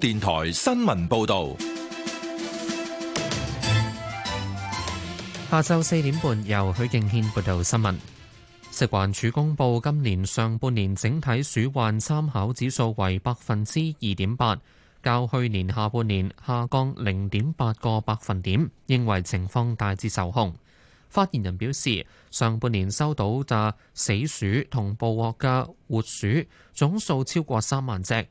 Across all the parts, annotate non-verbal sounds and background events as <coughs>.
電台新聞報道，下晝四點半由許敬軒報道新聞。食環署公布今年上半年整體鼠患參考指數為百分之二點八，較去年下半年下降零點八個百分點，認為情況大致受控。發言人表示，上半年收到嘅死鼠同捕獲嘅活鼠總數超過三萬隻。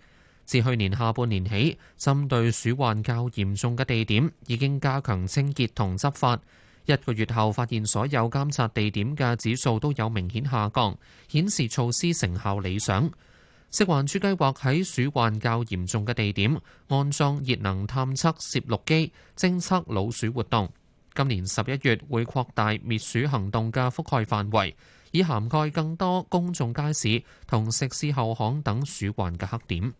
自去年下半年起，針對鼠患較嚴重嘅地點，已經加強清潔同執法。一個月後發現，所有監察地點嘅指數都有明顯下降，顯示措施成效理想。食環署計劃喺鼠患較嚴重嘅地點安裝熱能探測攝錄機，偵測老鼠活動。今年十一月會擴大滅鼠行動嘅覆蓋範圍，以涵蓋更多公眾街市同食肆後巷等鼠患嘅黑點。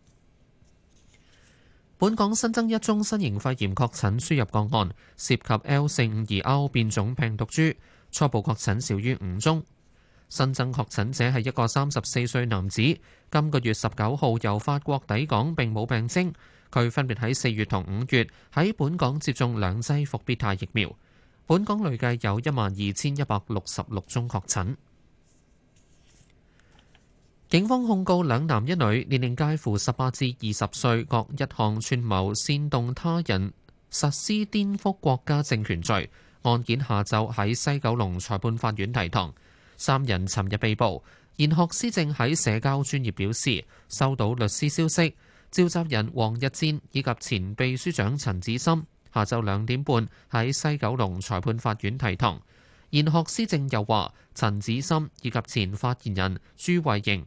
本港新增一宗新型肺炎確診輸入個案，涉及 L 四五二 O 變種病毒株，初步確診少於五宗。新增確診者係一個三十四歲男子，今個月十九號由法國抵港並，並冇病徵。佢分別喺四月同五月喺本港接種兩劑復必泰疫苗。本港累計有一萬二千一百六十六宗確診。警方控告兩男一女，年齡介乎十八至二十歲，各一項串謀煽動他人實施顛覆國家政權罪。案件下晝喺西九龍裁判法院提堂。三人尋日被捕。賢學思政喺社交專業表示收到律師消息，召集人王逸戰以及前秘書長陳枳森下晝兩點半喺西九龍裁判法院提堂。賢學思政又話陳枳森以及前發言人朱慧盈。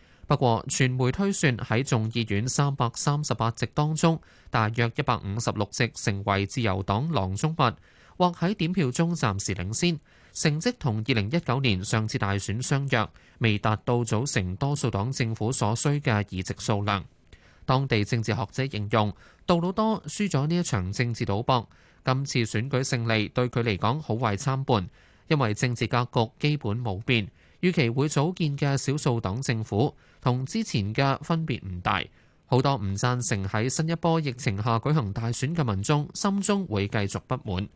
不過傳媒推算喺眾議院三百三十八席當中，大約一百五十六席成為自由黨囊中物，或喺點票中暫時領先。成績同二零一九年上次大選相若，未達到組成多數黨政府所需嘅議席數量。當地政治學者形容杜魯多輸咗呢一場政治賭博。今次選舉勝利對佢嚟講好壞參半，因為政治格局基本冇變。預期會組建嘅少數黨政府同之前嘅分別唔大，好多唔贊成喺新一波疫情下舉行大選嘅民眾心中會繼續不滿。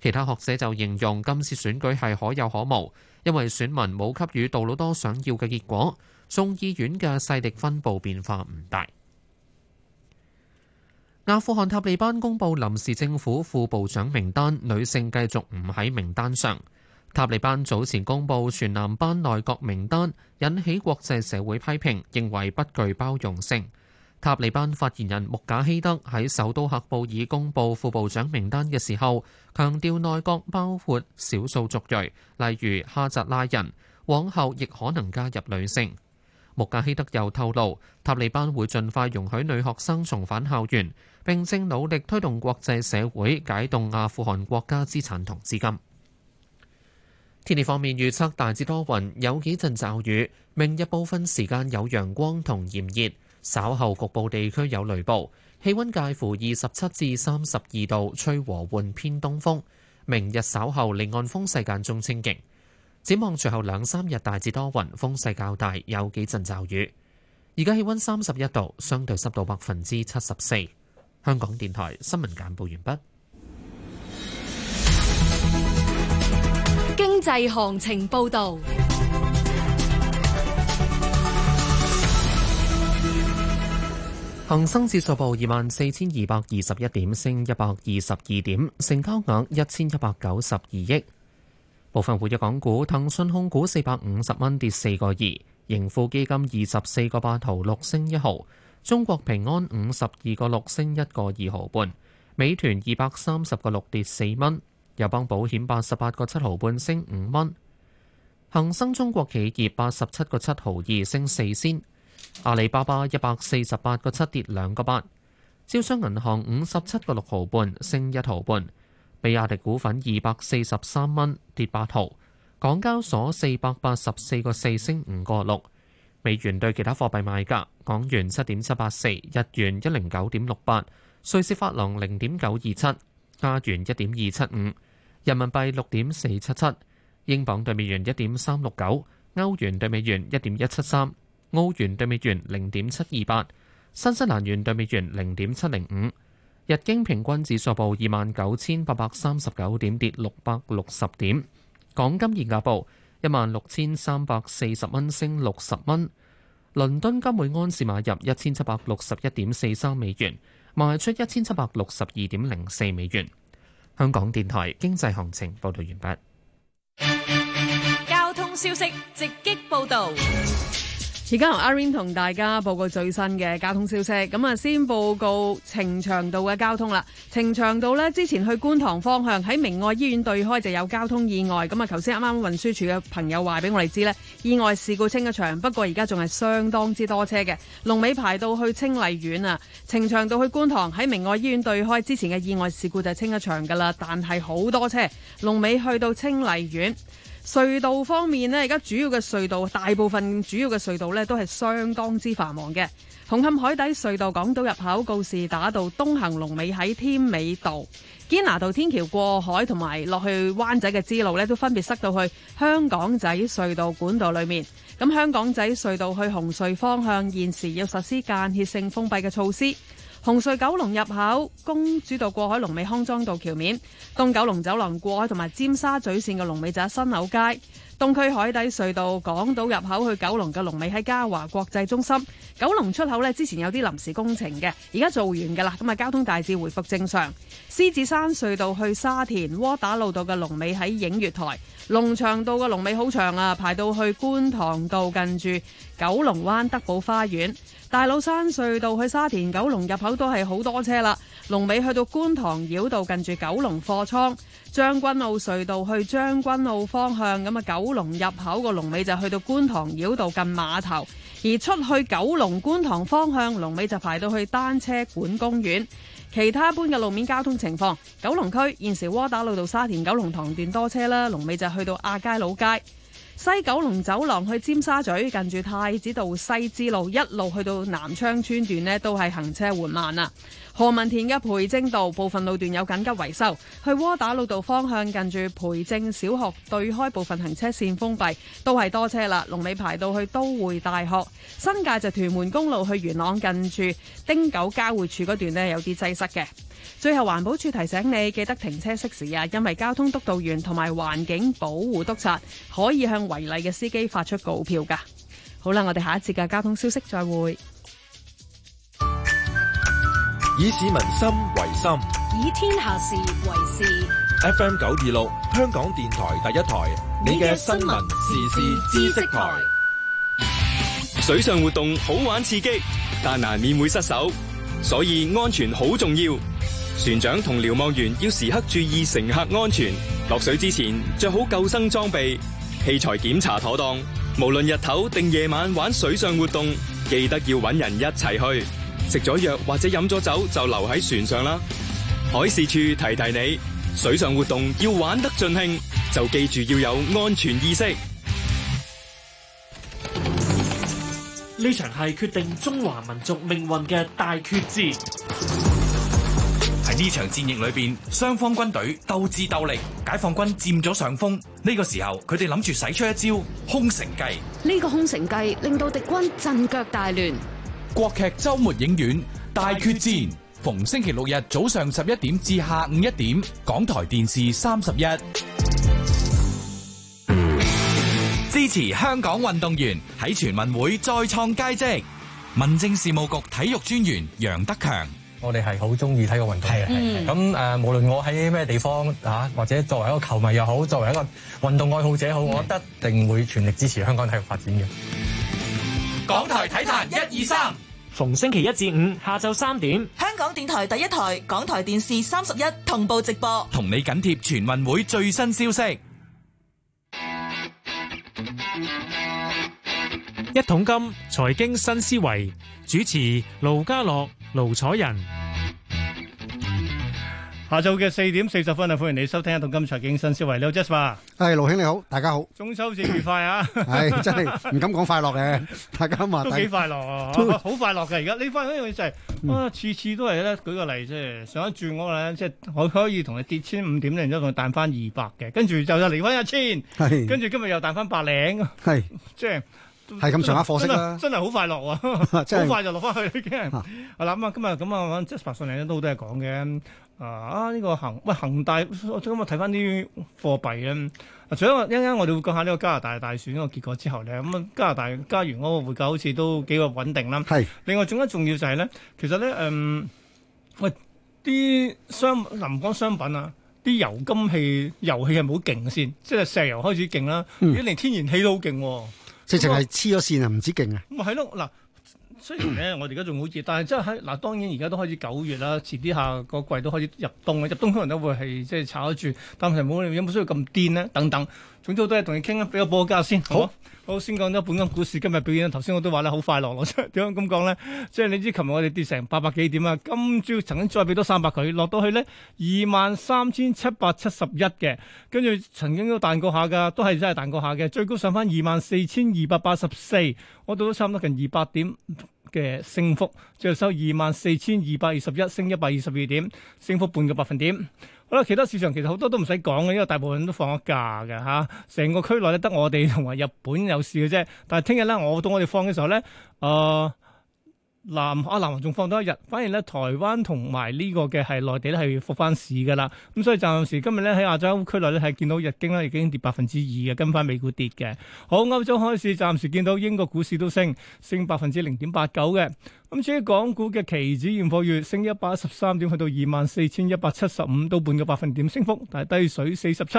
其他學者就形容今次選舉係可有可無，因為選民冇給予杜魯多想要嘅結果，眾議院嘅勢力分布變化唔大。阿富汗塔利班公布臨時政府副部長名單，女性繼續唔喺名單上。塔利班早前公布全男班內閣名單，引起國際社會批評，認為不具包容性。塔利班發言人穆賈希德喺首都喀布爾公布副部長名單嘅時候，強調內閣包括少數族裔，例如哈扎拉人，往後亦可能加入女性。穆賈希德又透露，塔利班會盡快容許女學生重返校園，並正努力推動國際社會解凍阿富汗國家資產同資金。天氣方面預測大致多雲，有幾陣驟雨。明日部分時間有陽光同炎熱，稍後局部地區有雷暴。氣溫介乎二十七至三十二度，吹和緩偏東風。明日稍後離岸風勢間中清勁。展望隨後兩三日大致多雲，風勢較大，有幾陣驟雨。而家氣溫三十一度，相對濕度百分之七十四。香港電台新聞簡報完畢。經濟行情報道，恒生指數報二萬四千二百二十一點，升一百二十二點，成交額一千一百九十二億。部分活躍港股，騰訊控股四百五十蚊跌四個二，盈富基金二十四個八，頭六升一毫，中國平安五十二個六升一個二毫半，美團二百三十個六跌四蚊。友邦保險八十八個七毫半升五蚊，恒生中國企業八十七個七毫二升四仙，阿里巴巴一百四十八個七跌兩個八，招商銀行五十七個六毫半升一毫半，比亞迪股份二百四十三蚊跌八毫，港交所四百八十四個四升五個六，美元對其他貨幣賣價，港元七點七八四，日元一零九點六八，瑞士法郎零點九二七，加元一點二七五。人民幣六點四七七，英鎊對美元一點三六九，歐元對美元一點一七三，澳元對美元零點七二八，新西蘭元對美元零點七零五。日經平均指數報二萬九千八百三十九點，跌六百六十點。港金現價報一萬六千三百四十蚊，升六十蚊。倫敦金每安士買入一千七百六十一點四三美元，賣出一千七百六十二點零四美元。香港電台經濟行情報道完畢。交通消息直擊報道。而家由阿 Rain 同大家報告最新嘅交通消息。咁啊，先報告呈祥道嘅交通啦。呈祥道呢，之前去觀塘方向喺明愛醫院對開就有交通意外。咁啊，頭先啱啱運輸署嘅朋友話俾我哋知呢，意外事故清一場，不過而家仲係相當之多車嘅。龍尾排到去清麗苑啊，呈祥道去觀塘喺明愛醫院對開之前嘅意外事故就清一場噶啦，但係好多車，龍尾去到清麗苑。隧道方面咧，而家主要嘅隧道，大部分主要嘅隧道咧，都係相當之繁忙嘅。紅磡海底隧道港島入口告士打道東行龍尾喺天美道、堅拿道天橋過海同埋落去灣仔嘅支路咧，都分別塞到去香港仔隧道管道裏面。咁香港仔隧道去紅隧方向現時要實施間歇性封閉嘅措施。紅隧九龍入口，公主道過海，龍尾康莊道橋面；東九龍走廊過海同埋尖沙咀線嘅龍尾就喺新柳街。東區海底隧道港島入口去九龍嘅龍尾喺嘉華國際中心。九龍出口咧，之前有啲臨時工程嘅，而家做完噶啦，咁啊交通大致回復正常。獅子山隧道去沙田窩打老道嘅龍尾喺映月台。龍翔道嘅龍尾好長啊，排到去觀塘道近住九龍灣德寶花園。大老山隧道去沙田九龍入口都係好多車啦，龍尾去到觀塘繞道近住九龍貨倉。將軍澳隧道去將軍澳方向，咁啊九龍入口個龍尾就去到觀塘繞道近碼頭，而出去九龍觀塘方向龍尾就排到去單車館公園。其他一般嘅路面交通情況，九龍區現時窩打老道沙田九龍塘段多車啦，龍尾就去到亞皆老街。西九龍走廊去尖沙咀，近住太子道西支路一路去到南昌村段咧，都係行車緩慢啦。何文田嘅培正道部分路段有緊急維修，去窩打老道方向近住培正小學對開部分行車線封閉，都係多車啦。龍尾排到去都會大學，新界就屯門公路去元朗近住丁九交匯處嗰段呢有啲擠塞嘅。最後，環保署提醒你記得停車熄匙啊！因為交通督導員同埋環境保護督察可以向違例嘅司機發出告票噶好啦，我哋下一節嘅交通消息再會。以市民心為心，以天下事為事。FM 九二六，26，香港電台第一台，你嘅新聞時事知識台。識台水上活動好玩刺激，但難免會失手，所以安全好重要。船長同瞭望員要時刻注意乘客安全。落水之前，着好救生裝備，器材檢查妥當。無論日頭定夜晚玩水上活動，記得要揾人一齊去。食咗藥或者飲咗酒就留喺船上啦。海事處提提你，水上活動要玩得盡興，就記住要有安全意識。呢場係決定中華民族命運嘅大決戰。呢場戰役裏邊，雙方軍隊鬥智鬥力，解放軍佔咗上風。呢、這個時候，佢哋諗住使出一招空城計。呢個空城計令到敵軍陣腳大亂。國劇週末影院大決戰，決戰逢星期六日早上十一點至下午一點，港台電視三十一。支持香港運動員喺全運會再創佳績。民政事務局體育專員楊德強。我哋係好中意睇個運動嘅，咁誒、呃，無論我喺咩地方嚇、啊，或者作為一個球迷又好，作為一個運動愛好者好，是我一定會全力支持香港體育發展嘅。港台體壇一二三，逢星期一至五下晝三點，香港電台第一台，港台電視三十一同步直播，同你緊貼全運會最新消息。一桶金財經新思維，主持盧嘉樂。盧彩仁，下晝嘅四點四十分啊，歡迎你收聽《一桶金財經新思維》。你好，Jasper，係盧兄你好，大家好，中秋節愉快啊！係真係唔敢講快樂嘅，大家話都幾快樂啊，好快樂嘅。而家呢番呢樣事啊，次次都係咧。舉個例即係上一轉我咧，即係可可以同你跌千五點咧，然之後同你彈翻二百嘅，跟住就就離翻一千，跟住今日又彈翻百零，係即係。係咁上下貨息啦，真係好快樂啊！好快就落翻去嘅。係啦，咁啊，今日咁啊，即係信嚟都好多嘢講嘅。啊，呢個恒喂恒大，咁啊睇翻啲貨幣啊。除咗一陣間我哋會講下呢個加拿大大選個結果之後咧，咁啊加拿大加元嗰個匯價好似都幾個穩定啦。係、totally so。另外，仲一重要就係咧，其實咧，嗯，喂，啲商林江商品啊，啲油金器油氣係咪好勁先？即係石油開始勁啦。嗯。而家連天然氣都好勁喎。直情係黐咗線啊！唔知勁啊！咁咪係咯，嗱、 <coughs> 嗯，雖然咧我哋而家仲好熱，但係真係嗱，當然而家都開始九月啦，遲啲下個季都開始入冬啊！入冬可能都會係即係炒得住，但係冇有冇需要咁癲咧？等等，總之好多嘢同你傾啊，俾我報個價先。好。好，先講咗本港股市今日表現。頭先我都話咧好快樂，我點樣咁講咧？即係你知，琴日我哋跌成八百幾點啊，今朝曾經再俾多三百佢落到去咧二萬三千七百七十一嘅，跟住曾經都彈過下㗎，都係真係彈過下嘅，最高上翻二萬四千二百八十四，我到咗差唔多近二百點嘅升幅，最後收二萬四千二百二十一，升一百二十二點，升幅半個百分點。好啦，其他市場其實好多都唔使講嘅，因為大部分都放咗假㗎吓，成個區內得我哋同埋日本有事嘅啫。但係聽日咧，我到我哋放嘅時候咧，啊、呃、～南亞南韓仲放多一日，反而咧，台灣同埋呢個嘅係內地咧係復翻市噶啦，咁所以暫時今日咧喺亞洲區內咧係見到日經咧已經跌百分之二嘅，跟翻美股跌嘅。好，歐洲開市暫時見到英國股市都升，升百分之零點八九嘅。咁至於港股嘅期指現貨月升一百一十三點，去到二萬四千一百七十五到半個百分點升幅，但係低水四十七，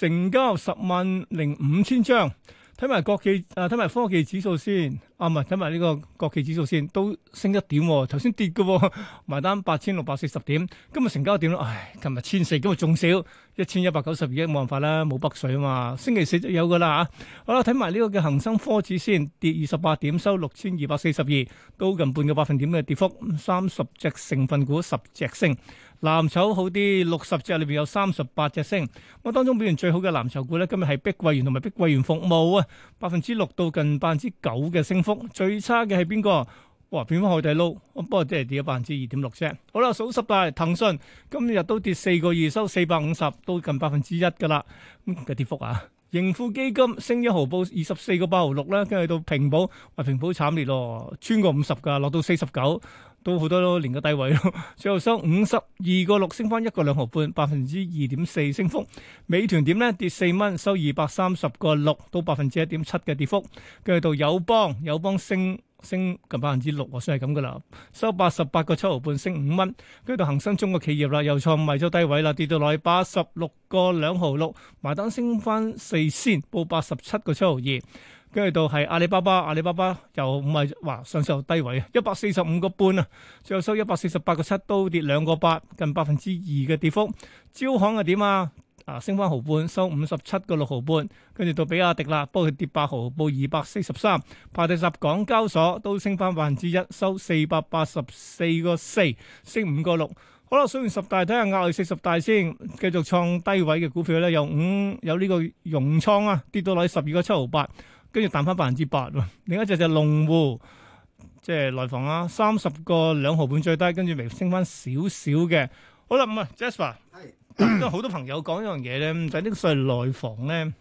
成交十萬零五千張。睇埋國企，啊睇埋科技指數先，啊唔係睇埋呢個國企指數先，都升一點喎，頭先跌㗎喎，埋單八千六百四十點，今日成交點。唉，琴日千四，今日仲少。一千一百九十二億，冇辦法啦，冇北水啊嘛。星期四就有噶啦吓。好啦，睇埋呢個嘅恒生科指先跌二十八點，收六千二百四十二，高近半個百分點嘅跌幅。三十隻成分股十隻升，藍籌好啲，六十隻裏邊有三十八隻升。咁當中表現最好嘅藍籌股咧，今日係碧桂園同埋碧桂園服務啊，百分之六到近百分之九嘅升幅。最差嘅係邊個？哇！變翻海底撈，不過即係跌咗百分之二點六啫。好啦，數十大，騰訊今日都跌四個二，收四百五十，都近百分之一噶啦嘅跌幅啊！盈富基金升一毫，報二十四個八毫六啦，跟住到平保，平保慘烈咯，穿過五十噶，落到四十九，都好多年嘅低位咯。最後收五十二個六，升翻一個兩毫半，百分之二點四升幅。美團點咧？跌四蚊，收二百三十個六，都百分之一點七嘅跌幅。跟住到友邦，友邦升。升近百分之六，我算係咁噶啦。收八十八個七毫半，升五蚊。跟住到恒生中國企業啦，又創埋咗低位啦，跌到落去八十六個兩毫六，埋單升翻四仙，報八十七個七毫二。跟住到係阿里巴巴，阿里巴巴又唔係，哇，上上低位一百四十五個半啊，50，最後收一百四十八個七，都跌兩個八，近百分之二嘅跌幅。招行係點啊？啊、升翻毫半，收五十七個六毫半，跟住到比亞迪啦，不過跌八毫，報二百四十三。排第十，港交所都升翻百分之一，收四百八十四個四，升五個六。好啦，數完十大睇下壓力，四十大先，繼續創低位嘅股票咧，有五有呢個融倉啊，跌到落去十二個七毫八，跟住彈翻百分之八。另一隻就係龍湖，即係內房啊，三十個兩毫半最低，跟住微升翻少少嘅。好啦，唔係，Jasper。因為好多朋友講一樣嘢咧，就呢個所謂內房咧，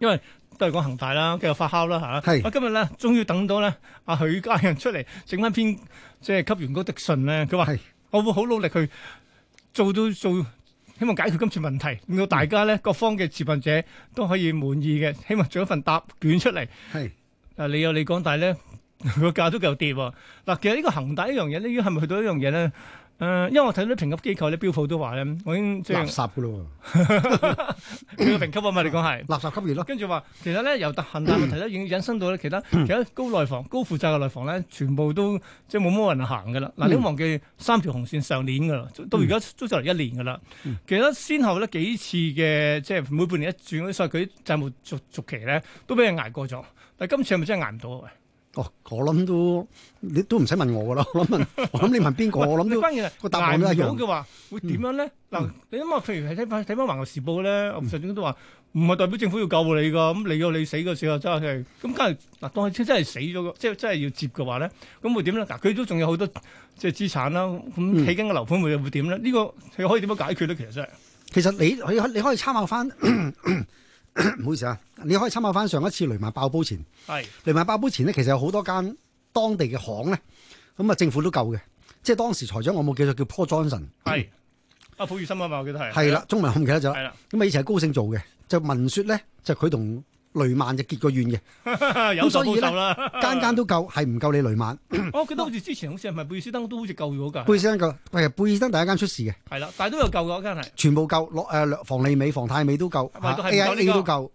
因為都係講恒大啦，繼續發酵啦，係啦。係我今日咧，終於等到咧，阿許家印出嚟整翻篇，即係給完嗰啲信咧。佢話係我會好努力去做到做，希望解決今次問題，令到大家咧各方嘅持份者都可以滿意嘅，希望做一份答卷出嚟。係但係你有你講，但係咧個價都夠跌。嗱，其實呢個恒大呢樣嘢咧，係咪去到一樣嘢咧？誒，因為我睇到啲評級機構咧，標普都話咧，我已經即係垃圾噶咯喎，佢評級啊嘛，你講係垃圾級別咯。跟住話，其實咧由恒大，但係問題已經引申到咧，其他其他高內房、 <coughs> 高負債嘅內房咧，全部都即係冇乜人行噶啦。嗱、嗯啊，你都忘記三條紅線上年噶啦，到而家都就嚟一年噶啦。其實先後咧幾次嘅即係每半年一轉啲，所以佢債務續續，續，續期咧都俾人捱過咗。但係今次係咪真係捱唔到啊？哦，我諗都你都唔使問我噶啦，我諗我諗你問邊個， <laughs> 我諗你關鍵個答案都一樣。佢話會點樣咧？嗱，你諗下，譬如睇翻睇翻《環球時報》咧，吳尚忠都話唔係代表政府要救你噶，咁你若你，你死嘅時候真係，咁梗係嗱，當佢真真係死咗嘅，即係真係要接嘅話咧，咁會點咧？嗱，佢都仲有好多即係資產啦，咁起緊嘅樓盤會會點咧？呢、這個佢可以點樣解決咧？其實真係。其實你你你可以參考翻。 <laughs> 唔 <coughs> 好意思啊，你可以參考翻上一次雷曼爆煲前，係是雷曼爆煲前咧，其實有好多間當地嘅行咧，咁啊政府都救嘅，即係當時財長我冇記錯叫 Paul Johnson 係阿普爾心啊嘛，我記得係係啦，中文我唔記得咗，咁啊以前係高盛做嘅，就文説咧就佢同。雷曼就結個怨嘅，有所以啦。間間都夠係唔夠你雷曼。我記得好似之前好似係咪貝斯登都好似夠咗噶。貝斯登夠，係貝斯登第一間出事嘅。係啦，但係都有夠嗰間係。全部夠，落誒房利美、房太美都夠，A I A 都夠，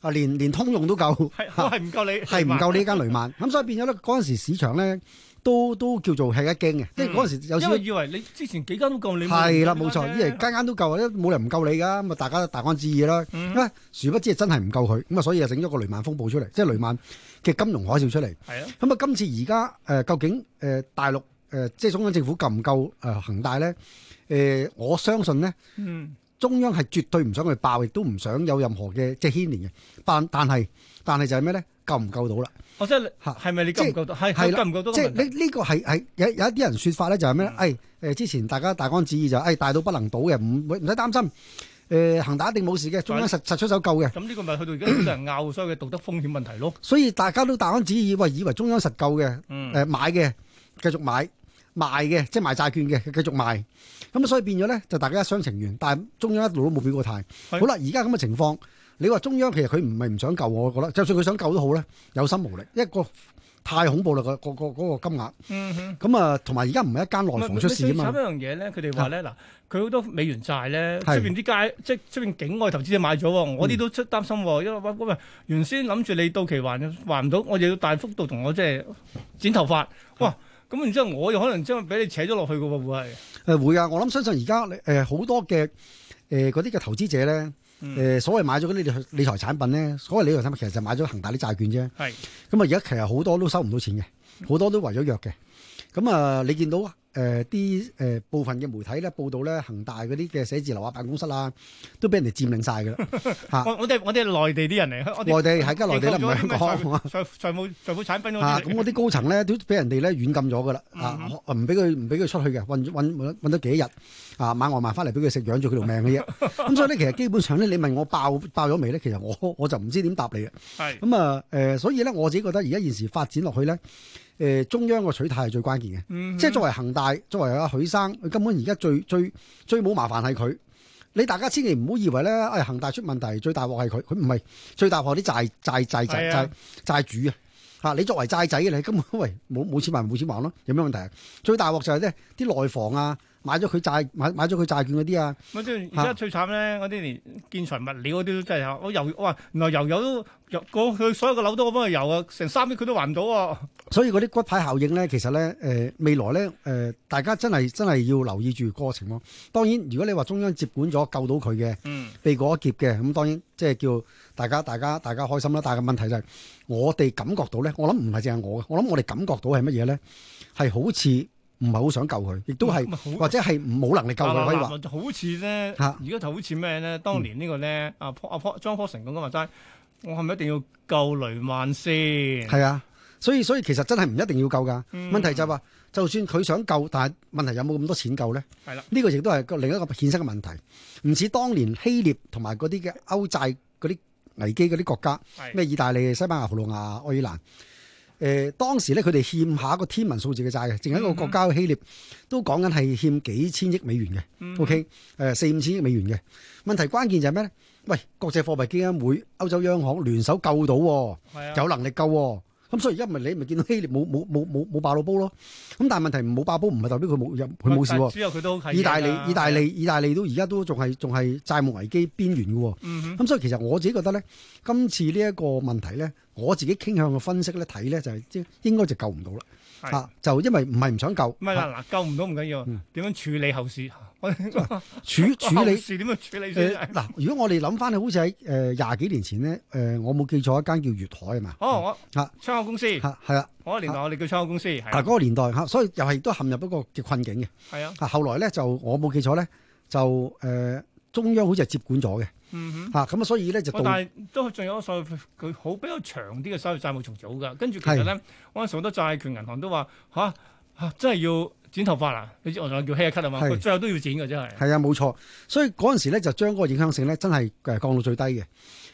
啊連連通用都夠，係係唔夠你，係唔夠呢間雷曼。咁所以變咗咧，嗰陣時市場咧。都都叫做吃一驚嘅，嗯、即係嗰陣時有先以為你之前幾間都夠你，係啦冇錯，因為間間都夠啊，都冇的人唔夠你噶，咁啊大家大安旨意啦。啊、嗯，殊不知係真係唔夠佢，咁啊所以啊整咗個雷曼風暴出嚟，即係雷曼嘅金融海嘯出嚟。係啊的，咁啊、嗯，今次而家誒，究竟誒，大陸誒，即係中央政府夠唔夠誒，恒大咧？誒、呃呃，我相信咧，中央係絕對唔想佢爆，亦都唔想有任何嘅即係牽連嘅。但但係，但係就係咩咧？夠唔夠到啦？哦，即係吓，係咪你夠唔夠到？係係夠唔夠到？即係呢呢個係係有有一啲人說法咧，就係咩咧？誒誒，之前大家大安旨意就誒大到不能倒嘅，唔唔使擔心誒，恒大一定冇事嘅，中央實實出手救嘅。咁呢個咪去到而家啲人拗，所謂嘅道德風險問題咯。所以大家都大安旨意，喂，以為中央實救嘅，誒買嘅繼續買，賣嘅即係賣債券嘅繼續賣。咁啊，所以變咗咧，就大家一廂情願，但係中央一路都冇表過態。好啦，而家咁嘅情況。你話中央其實佢唔係唔想救我，我覺得就算佢想救都好咧，有心無力，一個太恐怖啦，個個個嗰個金額，咁啊，同埋而家唔係一間內房出事啊嘛。一樣嘢咧，佢哋話咧嗱，佢好、啊、多美元債咧，出邊啲街即係出邊境外投資者買咗喎，我啲都出擔心喎，因為喂喂，原先諗住你到期還還唔到，我就要大幅度同我即係剪頭髮，哇！咁然之後我又可能將俾你扯咗落去嘅喎，會唔會？誒會啊！我諗相信而家誒好多嘅誒嗰啲嘅投資者咧。誒，嗯、所謂買咗啲理財產品咧，嗯、所謂理財產品其實就買咗恒大啲債券啫。咁啊是，而家其實好多都收唔到錢嘅，好多都違咗約嘅。咁啊，你見到啊？誒，啲誒、呃、部分嘅媒體咧報道咧，恒大嗰啲嘅寫字樓啊、辦公室啊，都俾人哋佔領晒嘅啦。吓 <laughs> 啊！我哋我哋內地啲人嚟，我內地係家內地都唔係香港。財富財富產品啊，咁我啲高層咧都俾人哋咧軟禁咗噶啦，啊，唔俾佢唔俾佢出去嘅，困困困咗幾日啊，買外賣翻嚟俾佢食，養住佢條命嘅啫。咁 <laughs> <laughs> 所以咧，其實基本上咧，你問我爆爆咗未咧，其實我我就唔知點答你啊。係咁啊，誒，所以咧，我自己覺得而家現時發展落去咧。誒，中央個取態係最關鍵嘅，嗯、哼即係作為恒大，作為阿許生，佢根本而家最最最冇麻煩係佢。你大家千祈唔好以為咧，誒、哎、恒大出問題，最大鑊係佢，佢唔係最大鑊啲債債債債的債主啊！嚇，你作為債仔你根本喂冇冇錢還冇錢還咯，有咩問題啊？最大鑊就係咧啲內房啊！買咗佢債，買買咗佢債券嗰啲啊！咁即係而家最慘咧，嗰啲連建材、物料嗰啲都真係吓，我油哇，原來油油都，個佢所有個樓都幫佢油啊，成三億佢都還唔到啊！所以嗰啲骨牌效應咧，其實咧，誒、呃、未來咧，誒、呃、大家真係真係要留意住個情況。當然，如果你話中央接管咗救到佢嘅，嗯，避過一劫嘅，咁當然即係叫大家大家大家開心啦。但係個問題就係、是，我哋感覺到咧，我諗唔係淨係我嘅，我諗我哋感覺到係乜嘢咧？係好似。唔係好想救佢，亦都係，或者係冇能力救佢規劃。好似咧，而家就好似咩咧？啊、當年個呢個咧，阿阿阿莊科森咁講話齋我係咪一定要救雷曼先？係啊，所以所以其實真係唔一定要救噶。嗯、問題就係話，就算佢想救，但係問題有冇咁多錢救咧？係啦，呢個亦都係另一個現實嘅問題。唔似當年希臘同埋嗰啲嘅歐債嗰啲危機嗰啲國家，咩意大利、西班牙、葡萄牙、愛爾蘭。誒、呃、當時咧，佢哋欠下一個天文數字嘅債嘅，淨係一個國家嘅希臘都講緊係欠幾千億美元嘅。OK，誒、呃、四五千億美元嘅，問題關鍵就係咩咧？喂，國際貨幣基金會、歐洲央行聯手救到、喎，的有能力救、喎。咁、嗯、所以而家咪你咪見到希臘冇冇冇冇冇爆到煲咯，咁但係問題唔冇爆煲，唔係代表佢冇入佢冇事喎。只佢都意，意大利、的意大利、意大利都而家都仲係仲係債務危機邊緣嘅喎。咁、嗯哼嗯、所以其實我自己覺得咧，今次呢一個問題咧，我自己傾向嘅分析咧睇咧就係、是、即應該就救唔到啦。嚇的、啊，就因為唔係唔想救。唔係，嗱救唔到唔緊要，點的樣處理後事？ <laughs> 處處理點樣處理先？嗱， <laughs> 如果我哋諗翻，好似喺誒廿幾年前呢，誒我冇記錯一間叫粵海係嘛？哦，我吓窗口公司吓係啦，嗰、啊啊、個年代我哋叫窗口公司。嗱，嗰個年代吓，所以又係都陷入一個嘅困境嘅。係啊，後來咧就我冇記錯咧就誒、呃、中央好似係接管咗嘅。嗯哼，吓咁啊，所以咧就到但係都仲有個所謂佢好比較長啲嘅所謂債務重組噶。跟住其實咧，我諗好多債權銀行都話吓吓真係要。剪頭髮啊！你知我仲叫 hea cut 啊嘛，是最後都要剪嘅真係。係啊，冇錯。所以嗰陣時咧，就將嗰個影響性咧，真係誒降到最低嘅。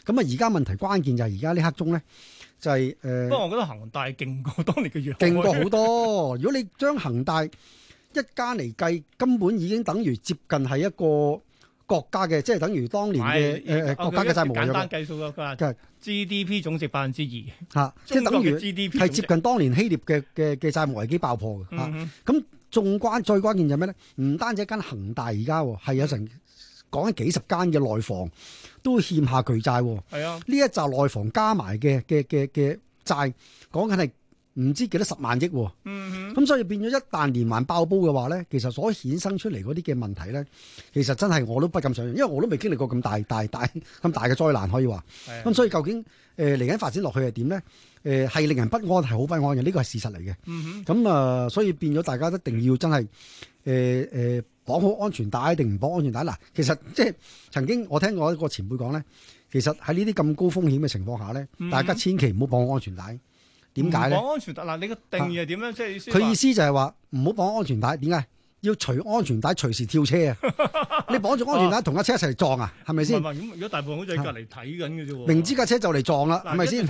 咁啊，而家問題關鍵就係而家呢刻鐘咧、就係，就係誒。不過我覺得恒大勁過當年嘅弱。勁過好多。 <laughs> 如果你將恒大一家嚟計，根本已經等於接近係一個。國家嘅即係等於當年嘅誒、哎呃、國家嘅債務咯。我簡單計數咯，佢話 GDP 總值百分之二嚇，即係等於係接近當年希臘嘅嘅嘅債務危機爆破嘅嚇。咁仲關最關鍵就係咩咧？唔單止一間恒大，而家係有成講緊幾十間嘅內房都欠下巨債喎。哦、啊，呢一集內房加埋嘅嘅嘅嘅債，講緊係。唔知幾多十萬億喎，咁所以變咗一旦連環爆煲嘅話咧，其實所衍生出嚟嗰啲嘅問題咧，其實真係我都不敢想像，因為我都未經歷過咁大、大、大、咁大嘅災難可以話。咁所以究竟誒嚟緊發展落去係點咧？誒係令人不安，係好不安嘅，呢個係事實嚟嘅。咁啊，所以變咗大家一定要真係誒誒綁好安全帶，定唔綁安全帶？嗱，其實即係曾經我聽過一個前輩講咧，其實喺呢啲咁高風險嘅情況下咧，大家千祈唔好綁安全帶。點解咧？綁安全帶，嗱，你個定義係點樣？即係、啊、意思，佢意思就係話唔好綁安全帶，點解？要除安全帶，隨時跳車啊！你綁住安全帶同架車一齊撞啊？係咪先？咁，如果大部分好似喺隔籬睇緊嘅啫喎。明知架車就嚟撞啦，係咪先？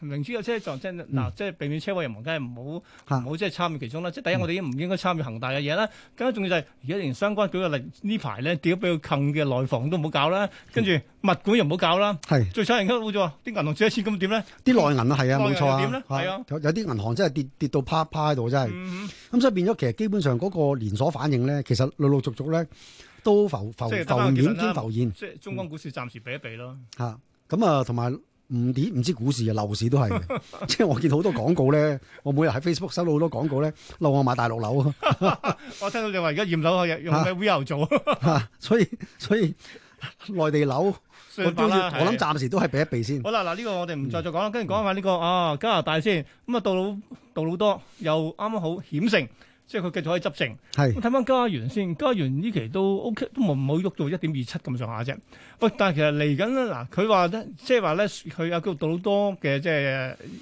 明知架車撞即係嗱，即係避免車位，人亡，梗係唔好唔好即係參與其中啦。即係第一，我哋已經唔應該參與恒大嘅嘢啦。更加重要就係而家連相關嗰個嚟呢排呢，點都比較近嘅內房都唔好搞啦。跟住物管又唔好搞啦。係。最慘係而家冇錯，啲銀行借咗錢咁點呢？啲內銀啊，係啊，冇錯啊。內銀係啊，有啲銀行真係跌跌到趴趴喺度，真係。咁所以變咗，其實基本上嗰個所反映咧，其實陸陸續續咧都浮浮浮現，先浮現。即係中央股市暫時避一避咯。吓，咁啊，同埋唔點唔知股市啊，樓市都係。即係我見到好多廣告咧，我每日喺 Facebook 收到好多廣告咧，漏我買大陸樓。我聽到你話而家驗樓用用咩 Viu 做？吓，所以所以內地樓，我都要，我諗暫時都係避一避先。好啦，嗱呢個我哋唔再再講啦，跟住講下呢個啊加拿大先。咁啊杜魯杜魯多又啱啱好險勝。即係佢繼續可以執政，係睇翻加元先，加元呢期都 O、OK, K，都冇冇喐到一點二七咁上下啫。不過但係其實嚟緊咧，嗱佢話咧，即係話咧，佢阿叫杜魯多嘅即係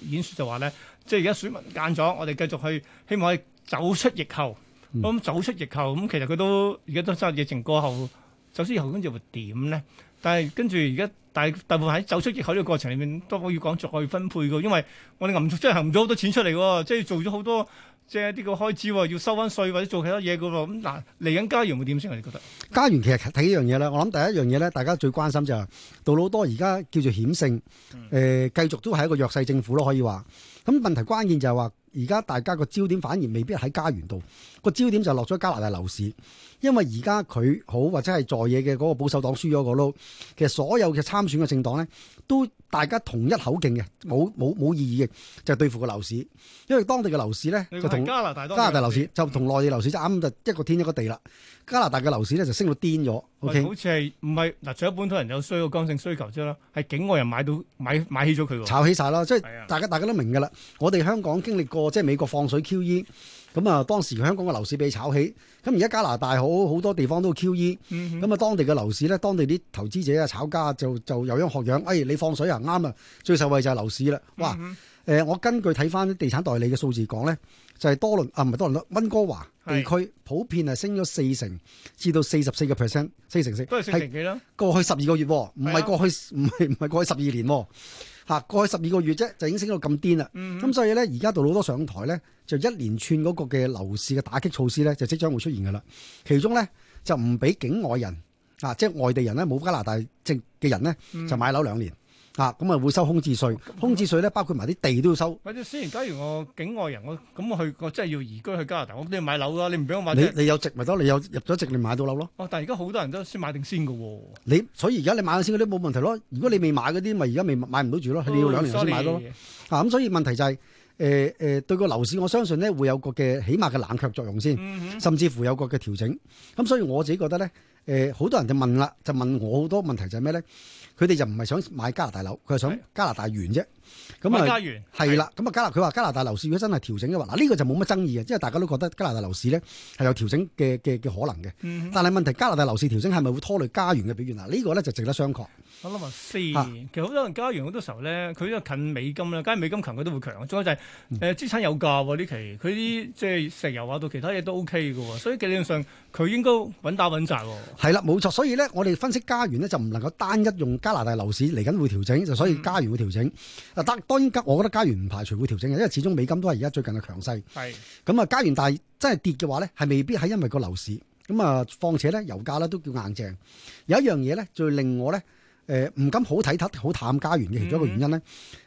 演説就話咧，即係而家選民揀咗，我哋繼續去希望可以走出疫後。咁、嗯、走出疫後，咁其實佢都而家都收係疫情過後走出疫後，之後，跟住會點咧？但係跟住而家，但大部分喺走出疫口呢個過程裏面，都可以講再去分配嘅，因為我哋臨出行咗好多錢出嚟喎，即係做咗好多即一啲個開支喎，要收翻稅或者做其他嘢嘅喎。咁嗱嚟緊加元會點先？我哋覺得加元其實睇一樣嘢啦，我諗第一樣嘢咧，大家最關心就係、是、杜魯多而家叫做險勝，誒、呃、繼續都係一個弱勢政府咯，可以話。咁問題關鍵就係話。而家大家個焦點反而未必喺加元度，個焦點就落咗加拿大樓市，因為而家佢好或者係在野嘅嗰個保守黨輸咗、個轆，其實所有嘅參選嘅政黨咧都大家同一口徑嘅，冇冇冇意義嘅，就係、是、對付個樓市，因為當地嘅樓市咧就同加拿大加拿大，加拿大樓市就同內地樓市就啱就一個天一個地啦。加拿大嘅樓市咧就升到癲咗，嗯、Okay? 好似係唔係嗱？除咗本土人有需要剛性需求啫啦，係境外人買到買買起咗佢喎，炒起晒咯，即係大家大家都明㗎啦。呀我哋香港經歷過，過。即係美國放水 QE，咁啊當時香港嘅樓市被炒起，咁而家加拿大好好多地方都 QE，咁啊當地嘅樓市咧，當地啲投資者啊、炒家就就有樣學樣，哎，你放水啊啱啊，最受惠就係樓市啦。哇，誒、呃、我根據睇翻啲地產代理嘅數字講咧，就係、是、多倫啊，唔係多倫多，溫、啊、哥華地區普遍係升咗四成至到四十四個 percent，四成四是，係是過去十二個月，唔係過去唔係唔係過去十二年。吓，過去十二個月啫，就已經升到咁癲啦。咁、嗯、所以咧，而家杜魯多上台咧，就一連串嗰個嘅樓市嘅打擊措施咧，就即將會出現噶啦。其中咧就唔俾境外人啊，即係外地人咧，冇加拿大籍嘅人咧，就買樓兩年。嗯啊，咁啊會收空置稅，啊、空置稅咧包括埋啲地都要收。咁雖然假如我境外人，我咁我去我真係要移居去加拿大，我都要買樓噶，你唔俾我買。你你有值咪得，你有，你有入咗值，你買到樓咯。哦、啊，但係而家好多人都先買定先噶、啊。你所以而家你買咗先嗰啲冇問題咯。如果你未買嗰啲，咪而家未買唔到住咯，你要兩年先買到咯。哦、啊，咁所以問題就係、是，誒、呃、誒、呃，對個樓市，我相信咧會有個嘅起碼嘅冷卻作用先，嗯、哼甚至乎有個嘅調整。咁所以我自己覺得咧，誒、呃，好多人就問啦，就問我好多問題就係咩咧？佢哋就唔係想買加拿大樓，佢係想加拿大元啫。咁啊，係啦，咁啊加，佢話加拿大樓市如果真係調整嘅話，嗱呢個就冇乜爭議嘅，因為大家都覺得加拿大樓市咧係有調整嘅嘅嘅可能嘅。但係問題加拿大樓市調整係咪會拖累加元嘅表現，嗱呢個咧就值得商榷。我諗啊，四年其實好多人加元好多時候咧，佢因為近美金啦，梗係美金強，佢都會強。仲有就係誒資產有價呢期，佢啲即係石油啊，到其他嘢都 O K 嘅喎。所以理論上佢應該穩打穩紮喎。係啦，冇錯。所以咧，我哋分析加元咧就唔能夠單一用加拿大樓市嚟緊會調整，就所以加元會調整嗱。得、嗯、當然，我覺得加元唔排除會調整嘅，因為始終美金都係而家最近嘅強勢。係咁啊，加元大真係跌嘅話咧，係未必係因為個樓市咁啊。況且咧，油價咧都叫硬淨。有一樣嘢咧，就令我咧。誒，唔、呃、敢好睇得好淡加元嘅其中一個原因咧，誒、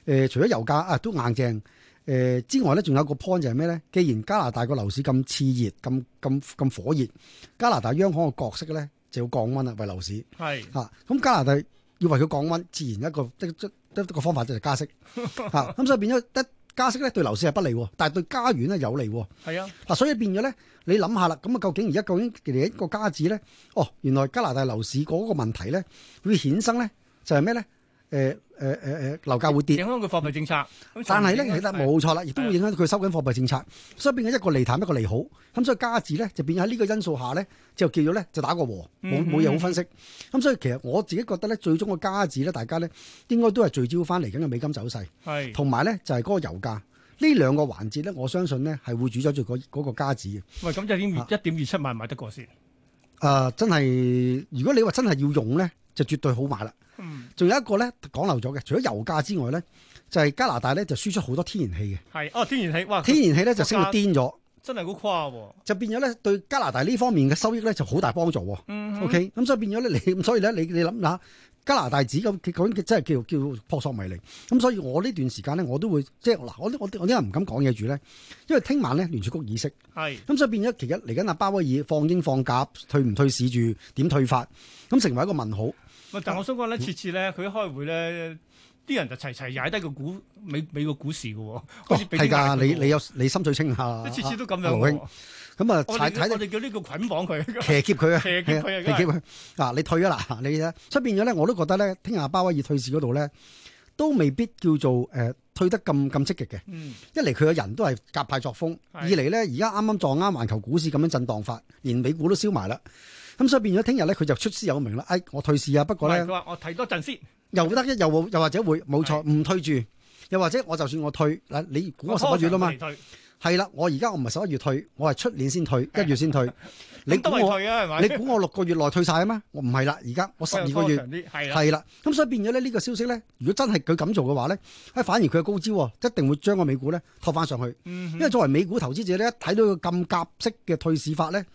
呃，除咗油價啊都硬淨，誒、呃、之外咧，仲有一個 point 就係咩咧？既然加拿大個樓市咁熾熱，咁咁咁火熱，加拿大央行嘅角色咧就要降溫啦，為樓市係吓，咁、啊、加拿大要為佢降溫，自然一個即即即個方法就係加息吓，咁、啊、所以變咗得。 <laughs> 加息咧對樓市係不利，但係對家園咧有利。係的啊，嗱，所以變咗咧，你諗下啦，咁啊究竟而家究竟嚟一個家子咧？哦，原來加拿大樓市嗰個問題咧會衍生咧，就係咩咧？誒誒誒誒，樓、呃呃呃呃、價會跌，影響佢貨幣政策。但係咧，其實冇錯啦，亦都會影響佢收緊貨幣政策。的所以變咗一個利淡，一個利好。咁所以加字咧，就變喺呢個因素下咧，就叫做咧就打個和，冇冇嘢好分析。咁、嗯嗯嗯、所以其實我自己覺得咧，最終個加字咧，大家咧應該都係聚焦翻嚟緊嘅美金走勢，係同埋咧就係、是、嗰個油價呢兩個環節咧，我相信咧係會主宰住嗰嗰個加字嘅。喂、嗯，咁即係點？一點二七萬買得過先？誒、呃，真係如果你話真係要用咧？就絕對好買啦。嗯，仲有一個咧講漏咗嘅，除咗油價之外咧，就係加拿大咧就輸出好多天然氣嘅。係哦，天然氣哇，天然氣咧它就升到癲咗，真係好誇喎、哦。就變咗咧對加拿大呢方面嘅收益咧就好大幫助。嗯，嗯，OK 咁所以變咗咧你所以咧你你諗下。加拿大紙咁，佢講嘅真係叫叫撲朔迷離。咁所以，我呢段時間咧，我都會即係嗱，我我我啲人唔敢講嘢住咧，因為聽晚咧聯儲局議息。係是。咁所以變咗，其實嚟緊阿鮑威爾放鷹放鴿，退唔退市住，點退法，咁成為一個問號。咪但我想講咧，啊、次次咧佢一開會咧。啲人就齊齊踩低個股美美國股市嘅喎，係㗎，你你有你心水清下、啊，次次都咁樣、啊。咁啊，睇睇、嗯、我哋們、嗯、叫呢看個捆綁佢，騎劫佢，騎劫佢啊！騎劫佢啊！嗱，你退咗啦！你出邊咗咧，我都覺得咧，聽日鮑威爾退市嗰度咧，都未必叫做誒、呃、退得咁咁積極嘅。嗯、一嚟佢個人都係夾派作風，的二嚟咧而家啱啱撞啱環球股市咁樣震盪法，連美股都燒埋啦。咁、啊、所以變咗聽日咧，佢就出師有名啦。誒、哎，我退市啊！不過咧，嗯、我睇多陣先。又得一又或又或者會冇錯唔退住，又或者我就算我退，嗱，你估我十一月㗎嘛？係啦，我而家我唔係十一月退，我係出年先退，一月先退。你都係退嘅係。 <laughs> 你估我六個月內退晒啊嘛？我唔係啦，而家我十二個月。係啦，咁的所以變咗咧，呢個消息咧，如果真係佢咁做嘅話咧，哎，反而佢嘅高招，一定會將個美股咧拖翻上去。因為作為美股投資者咧，一睇到個咁夾式嘅退市法咧，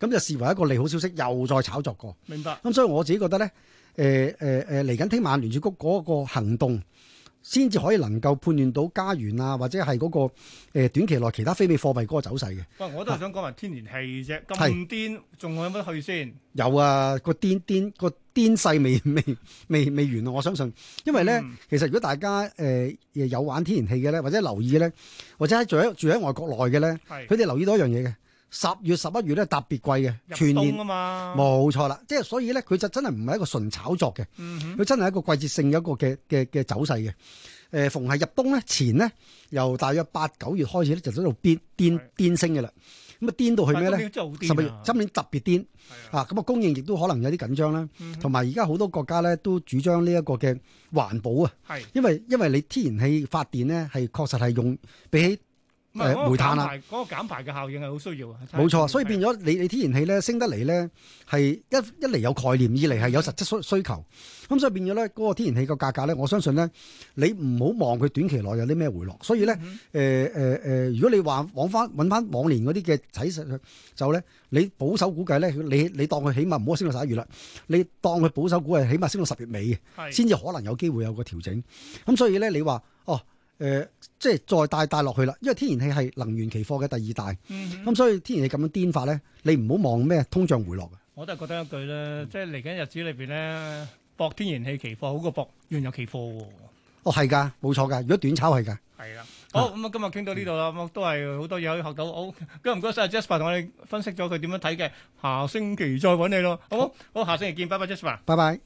咁就視為一個利好消息，又再炒作過。明白。咁所以我自己覺得咧。誒誒誒，嚟緊聽晚聯儲局嗰個行動，先至可以能夠判斷到加元啊，或者係嗰個短期內其他非美貨幣嗰個走勢嘅。喂，我都係想講埋天然氣啫，咁顛仲有乜去先？有啊，個顛顛、個顛勢未未未未，未完啊！我相信，因為咧，嗯、其實如果大家誒誒、呃、有玩天然氣嘅咧，或者留意咧，或者喺住喺住喺外國內嘅咧，佢哋留意到一樣嘢嘅。十月十一月咧特別貴嘅，全年啊嘛，冇錯啦，即係所以咧，佢就真係唔係一個純炒作嘅，佢、嗯、哼真係一個季節性嘅一個嘅嘅嘅走勢嘅。誒、呃，逢係入冬咧前呢，由大約八九月開始咧，就喺度癲癲癲升嘅啦。咁啊癲到去咩咧？十月今年特別癲啊！咁的啊供應亦都可能有啲緊張啦。同埋而家好多國家咧都主張呢一個嘅環保啊，係因為，的因，為因為你天然氣發電咧係確實係用比起。唔煤炭啊，嗰個減排嘅效應係好需要。冇錯，所以變咗你你天然氣咧升得嚟咧係一一嚟有概念，二嚟係有實質需需求。咁的所以變咗咧嗰個天然氣個價格咧，我相信咧你唔好望佢短期內有啲咩回落。所以咧，誒誒誒，如果你話往翻揾翻往年嗰啲嘅睇勢就咧，你保守估計咧，你你當佢起碼唔好升到十一月啦，你當佢保守估計起碼升到十月尾嘅，先至的可能有機會有個調整。咁所以咧，你話哦。誒、呃，即係再帶帶落去啦，因為天然氣係能源期貨嘅第二大，咁、嗯哼嗯、所以天然氣咁樣癲發咧，你唔好望咩通脹回落嘅。我都係覺得一句啦，嗯、即係嚟緊日子裏邊咧，博天然氣期貨好過博原油期貨喎。哦，係噶，冇錯噶，如果短炒係噶。係啦，好咁啊，嗯嗯、今日傾到呢度啦，咁都係好多嘢可以學到，好，唔該唔該晒，Jasper 同我哋分析咗佢點樣睇嘅，下星期再揾你咯，好唔好？好，下星期見，拜拜，Jasper。拜拜。